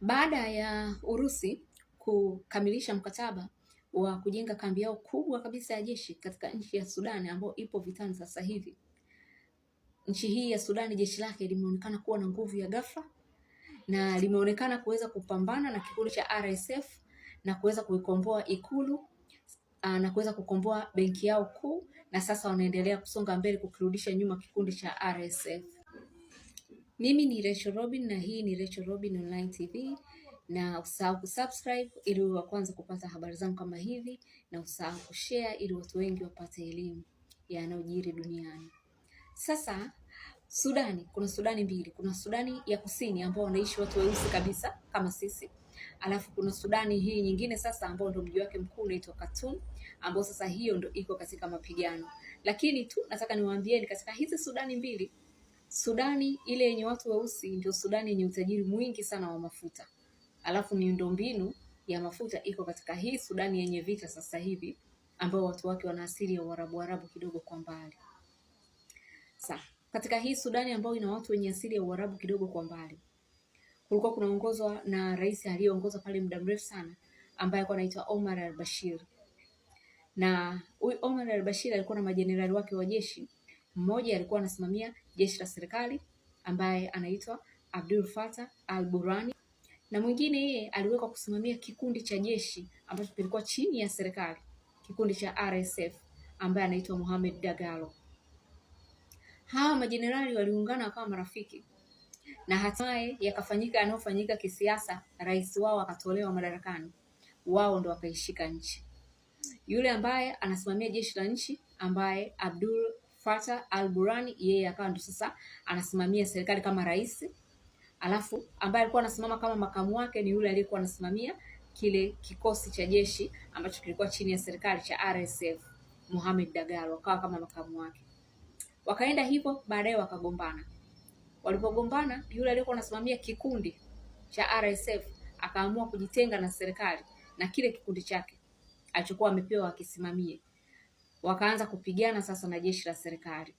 Baada ya Urusi kukamilisha mkataba wa kujenga kambi yao kubwa kabisa ya jeshi katika nchi ya Sudani ambayo ipo vitani sasa hivi. Nchi hii ya Sudani jeshi lake limeonekana kuwa na nguvu ya ghafla na limeonekana kuweza kupambana na kikundi cha RSF na kuweza kuikomboa ikulu ah, na kuweza kukomboa benki yao kuu, na sasa wanaendelea kusonga mbele kukirudisha nyuma kikundi cha RSF. Mimi ni Rachel Robin na hii ni Rachel Robin Online TV, na usahau kusubscribe ili wa kwanza kupata habari zangu kama hivi, na usahau kushare ili watu wengi wapate elimu yanayojiri duniani. Sasa Sudani, kuna Sudani mbili. Kuna Sudani ya kusini ambao wanaishi watu weusi kabisa kama sisi, alafu kuna Sudani hii nyingine sasa, ambao ndio mji wake mkuu unaitwa Khartoum, ambao sasa hiyo ndio iko katika mapigano. Lakini tu nataka niwaambieni katika hizi Sudani mbili Sudani ile yenye watu weusi ndio Sudani yenye utajiri mwingi sana wa mafuta, alafu miundombinu ya mafuta iko katika hii Sudani yenye vita sasa hivi, ambao watu wake wana asili ya Uarabu Arabu kidogo kwa mbali. Sa, katika hii Sudani ambayo ina watu wenye asili ya Uarabu kidogo kwa mbali, kulikuwa kunaongozwa na rais aliyeongoza pale muda mrefu sana ambaye alikuwa anaitwa Omar al-Bashir, na huyu Omar al-Bashir alikuwa na majenerali wake wa jeshi mmoja alikuwa anasimamia jeshi la serikali ambaye anaitwa Abdul Fatah al Burani, na mwingine yeye aliwekwa kusimamia kikundi cha jeshi ambacho kilikuwa chini ya serikali, kikundi cha RSF ambaye anaitwa Mohamed Dagalo. Hawa majenerali waliungana wakawa marafiki na hatimaye yakafanyika yanayofanyika kisiasa, rais wao akatolewa madarakani, wao ndo wakaishika nchi. Yule ambaye anasimamia jeshi la nchi ambaye Abdul kufuata Al-Burani, yeye akawa ndo sasa anasimamia serikali kama rais, alafu ambaye alikuwa anasimama kama makamu wake ni yule aliyekuwa anasimamia kile kikosi cha jeshi ambacho kilikuwa chini ya serikali cha RSF, Mohamed Dagalo akawa kama makamu wake. Wakaenda hivyo, baadaye wakagombana. Walipogombana, yule aliyekuwa anasimamia kikundi cha RSF akaamua kujitenga na serikali na kile kikundi chake alichokuwa amepewa akisimamie wakaanza kupigana sasa na jeshi la serikali.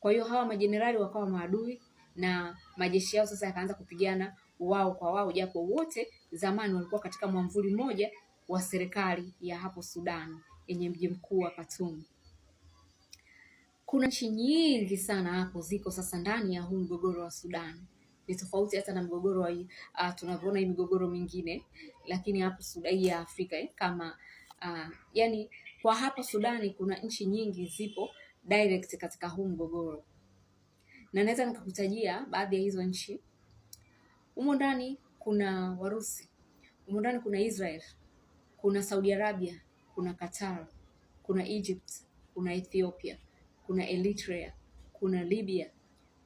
Kwa hiyo hawa majenerali wakawa maadui na majeshi yao sasa yakaanza kupigana wao kwa wao, japo wote zamani walikuwa katika mwamvuli mmoja wa serikali ya hapo Sudan yenye mji mkuu wa Khartoum. Kuna nchi nyingi sana hapo ziko sasa ndani ya huu mgogoro wa Sudan. Ni tofauti hata na mgogoro wa uh, tunavyoona hii migogoro mingine, lakini hapo Sudan ya Afrika eh, kama uh, yani kwa hapa Sudani kuna nchi nyingi zipo direct katika huu mgogoro, na naweza nikakutajia baadhi ya hizo nchi. Humo ndani kuna Warusi, humo ndani kuna Israel, kuna Saudi Arabia, kuna Qatar, kuna Egypt, kuna Ethiopia, kuna Eritrea, kuna Libya,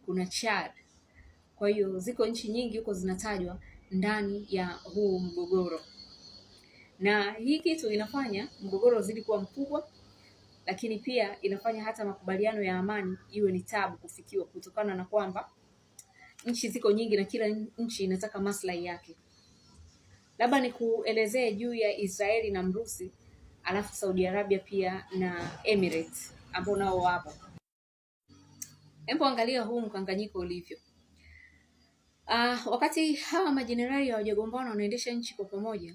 kuna Chad. Kwa hiyo ziko nchi nyingi huko zinatajwa ndani ya huu mgogoro na hii kitu inafanya mgogoro uzidi kuwa mkubwa, lakini pia inafanya hata makubaliano ya amani iwe ni tabu kufikiwa kutokana na kwamba nchi ziko nyingi na kila nchi inataka maslahi yake. Labda nikuelezee juu ya Israeli na Mrusi, alafu Saudi Arabia pia na Emirates ambao nao wapo. Hebu angalia huu mkanganyiko ulivyo. Uh, wakati hawa majenerali hawajagombana wanaendesha nchi kwa pamoja,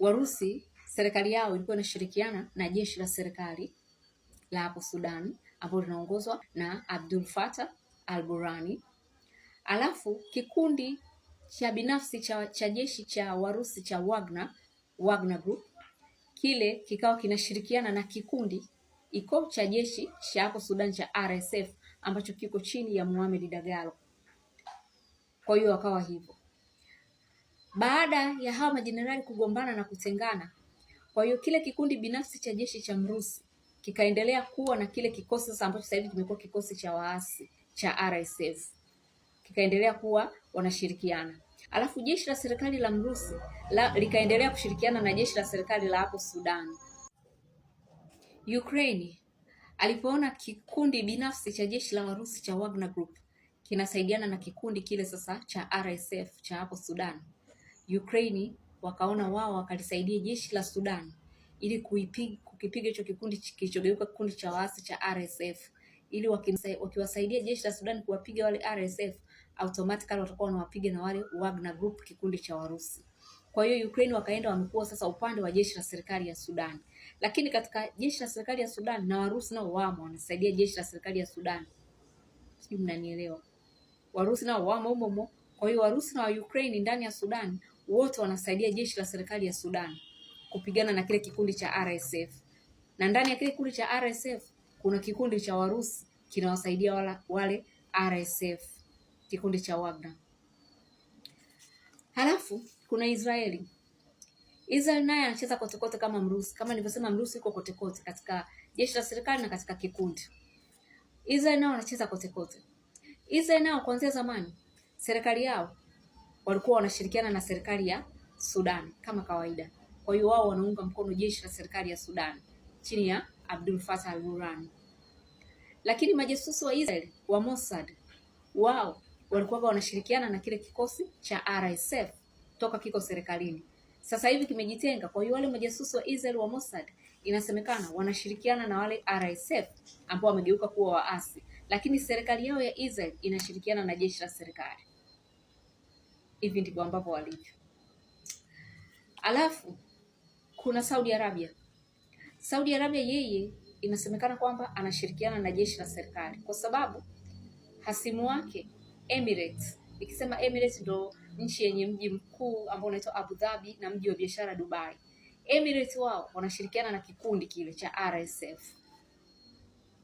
Warusi serikali yao ilikuwa inashirikiana na jeshi la serikali la hapo Sudan ambalo linaongozwa na Abdul Fattah al-Burhani. Alafu kikundi cha binafsi cha, cha jeshi cha Warusi cha Wagner, Wagner Group kile kikawa kinashirikiana na kikundi iko cha jeshi cha hapo Sudan cha RSF ambacho kiko chini ya Muhammad Dagalo. Kwa hiyo wakawa hivyo baada ya hawa majenerali kugombana na kutengana. Kwa hiyo kile kikundi binafsi cha jeshi cha Mrusi kikaendelea kuwa na kile kikosi sasa ambacho sasa hivi kimekuwa kikosi cha waasi cha RSF kikaendelea kuwa wanashirikiana, alafu jeshi la serikali la Mrusi la, likaendelea kushirikiana na jeshi la serikali la hapo Sudan. Ukraine alipoona kikundi binafsi cha jeshi la Warusi cha Wagner Group kinasaidiana na kikundi kile sasa cha RSF cha hapo Sudan Ukraine wakaona wao wakalisaidia jeshi la Sudan ili kukipiga hicho kikundi kilichogeuka kikundi cha waasi cha RSF, ili wakiwasaidia jeshi la Sudan kuwapiga wale RSF automatically watakuwa wanawapiga na wale Wagner Group, kikundi cha Warusi. Kwa hiyo Ukraine wakaenda wamekuwa sasa upande wa jeshi la serikali ya Sudan, lakini katika jeshi la serikali ya Sudan na Warusi nao wamo wanasaidia jeshi la serikali ya Sudan. Sijui mnanielewa? Warusi nao wamo humo. Kwa hiyo Warusi na wa Ukraine ndani ya Sudan wote wanasaidia jeshi la serikali ya Sudan kupigana na kile kikundi cha RSF, na ndani ya kile kikundi cha RSF kuna kikundi cha Warusi kinawasaidia wale RSF kikundi cha Wagner. Halafu kuna Israeli. Israel naye anacheza kotekote kama Mrusi. Kama nilivyosema, Mrusi yuko kotekote katika jeshi la serikali na katika kikundi. Israel nao anacheza kotekote. Israel nao kuanzia zamani serikali yao walikuwa wanashirikiana na serikali ya Sudan kama kawaida. Kwa hiyo wao wanaunga mkono jeshi la serikali ya Sudan chini ya Abdul Fattah al-Burhan. Lakini majasusi wa Israel wa Mossad wao walikuwa wanashirikiana na kile kikosi cha RSF toka kiko serikalini, sasa hivi kimejitenga. Kwa hiyo wale majasusi wa Israel wa Mossad inasemekana wanashirikiana na wale RSF ambao wamegeuka kuwa waasi, lakini serikali yao ya Israel inashirikiana na jeshi la serikali hivi ndivyo ambavyo walivyo. Alafu kuna Saudi Arabia. Saudi Arabia yeye inasemekana kwamba anashirikiana na jeshi la serikali kwa sababu hasimu wake Emirates, ikisema Emirates ndo nchi yenye mji mkuu ambao unaitwa Abu Dhabi na mji wa biashara Dubai. Emirates wao wanashirikiana na kikundi kile cha RSF.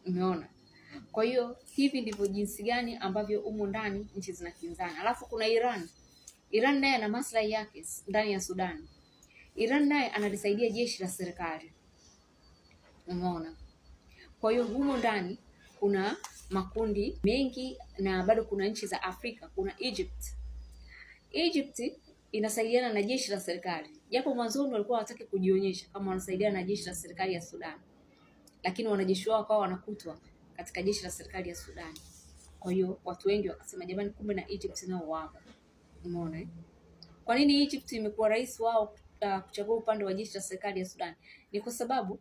Umeona? Kwa hiyo hivi ndivyo jinsi gani ambavyo umo ndani nchi zinakinzana. Alafu kuna Iran. Iran naye ana maslahi yake ndani ya Sudan. Iran naye analisaidia jeshi la serikali. Umeona? Kwa hiyo humo ndani kuna makundi mengi na bado kuna nchi za Afrika, kuna Egypt. Egypt inasaidiana na jeshi la serikali, japo mwanzoni walikuwa hawataki kujionyesha kama wanasaidiana na jeshi la serikali ya Sudan, lakini wanajeshi wao wakawa wanakutwa katika jeshi la serikali ya Sudan. Kwa hiyo watu wengi wakasema, jamani, kumbe na Egypt nao wapo. Umeona Kwa nini Egypt imekuwa rais wao uh, kuchagua upande wa jeshi la serikali ya Sudan? Ni kwa sababu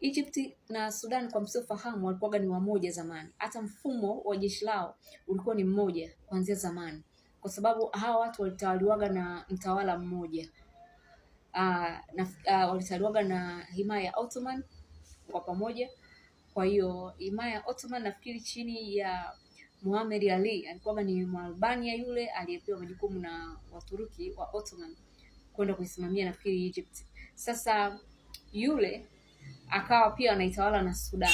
Egypt na Sudan kwa msiofahamu walikuwa ni wamoja zamani. Hata mfumo wa jeshi lao ulikuwa ni mmoja kuanzia zamani, kwa sababu hawa watu walitawaliwaga na mtawala mmoja uh, na, uh, walitawaliwaga na himaya ya Ottoman kwa pamoja. Kwa hiyo himaya ya Ottoman nafikiri chini ya Muhammad Ali alikuwa ni Mwalbania yule aliyepewa majukumu na Waturuki wa Ottoman kwenda kuisimamia nafikiri Egypt. Sasa yule akawa pia anaitawala na Sudan.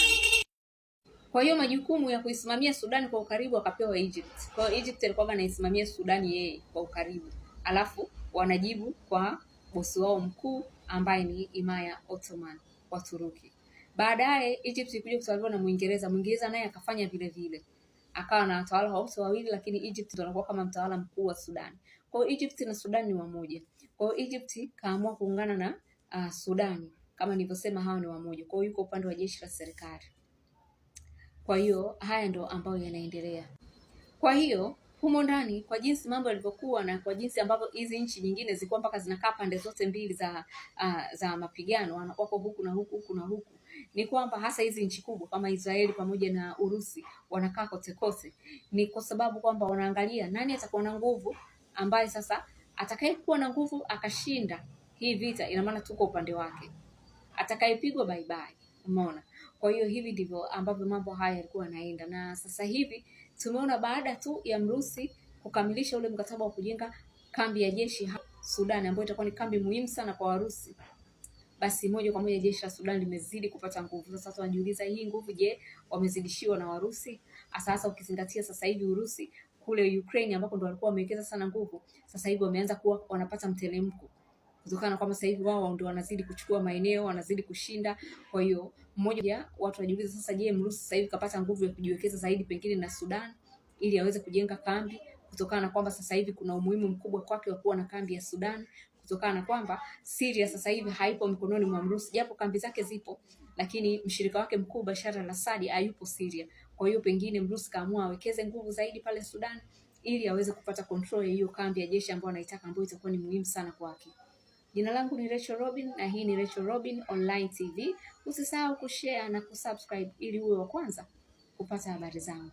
Kwa hiyo majukumu ya kuisimamia sudan kwa ukaribu akapewa Egypt. Kwa hiyo Egypt alikuwa anaisimamia Sudani yeye kwa ukaribu, alafu wanajibu kwa bosi wao mkuu ambaye ni Imaya Ottoman Waturuki. Baadaye Egypt ilikuja kutawaliwa na Mwingereza. Mwingereza naye akafanya vile vile akawa na watawala wote wawili, lakini Egypt ndio anakuwa kama mtawala mkuu wa Sudan. Kwa hiyo Egypt na Sudan ni wamoja. Kwa hiyo Egypt kaamua kuungana na uh, ah, Sudan kama nilivyosema, hawa ni wamoja. Kwa hiyo yuko upande wa jeshi la serikali. Kwa hiyo haya ndo ambayo yanaendelea. Kwa hiyo humo ndani, kwa jinsi mambo yalivyokuwa na kwa jinsi ambavyo hizi nchi nyingine zilikuwa mpaka zinakaa pande zote mbili za uh, za mapigano, wanakuwako huku na huku huku na huku ni kwamba hasa hizi nchi kubwa kama Israeli pamoja na Urusi wanakaa kote kote, ni kwa sababu kwamba wanaangalia nani atakuwa na nguvu, ambaye sasa atakayekuwa na nguvu akashinda hii vita, ina maana tuko upande wake, atakayepigwa bye bye. Umeona? Kwa hiyo hivi ndivyo ambavyo mambo haya yalikuwa yanaenda, na sasa hivi tumeona baada tu ya Mrusi kukamilisha ule mkataba wa kujenga kambi ya jeshi Sudan ambayo itakuwa ni kambi muhimu sana kwa Warusi basi moja kwa moja jeshi la Sudan limezidi kupata nguvu. Sasa tunajiuliza hii nguvu, je, wamezidishiwa na Warusi? Sasa ukizingatia sasa hivi Urusi kule Ukraine ambako ndo walikuwa wamewekeza sana nguvu, sasa hivi wameanza kuwa wanapata mtelemko kutokana kwamba sasa hivi wao ndio wanazidi kuchukua maeneo, wanazidi kushinda. Kwa hiyo mmoja, watu wanajiuliza sasa, je, Mrusi sasa hivi kapata nguvu ya kujiwekeza zaidi pengine na Sudan ili aweze kujenga kambi, kutokana na kwamba sasa hivi kuna umuhimu mkubwa kwake wa kuwa na kambi ya Sudan kutokana na kwamba Syria sasa hivi haipo mikononi mwa Mrusi, japo kambi zake zipo, lakini mshirika wake mkuu Bashar al-Assad hayupo Syria. Kwa hiyo pengine Mrusi kaamua awekeze nguvu zaidi pale Sudan ili aweze kupata control ya hiyo kambi ya jeshi ambayo anaitaka, ambayo itakuwa ni muhimu sana kwake. Jina langu ni Rachel Robin na hii ni Rachel Robin Online TV. Usisahau kushare na kusubscribe ili uwe wa kwanza kupata habari zangu.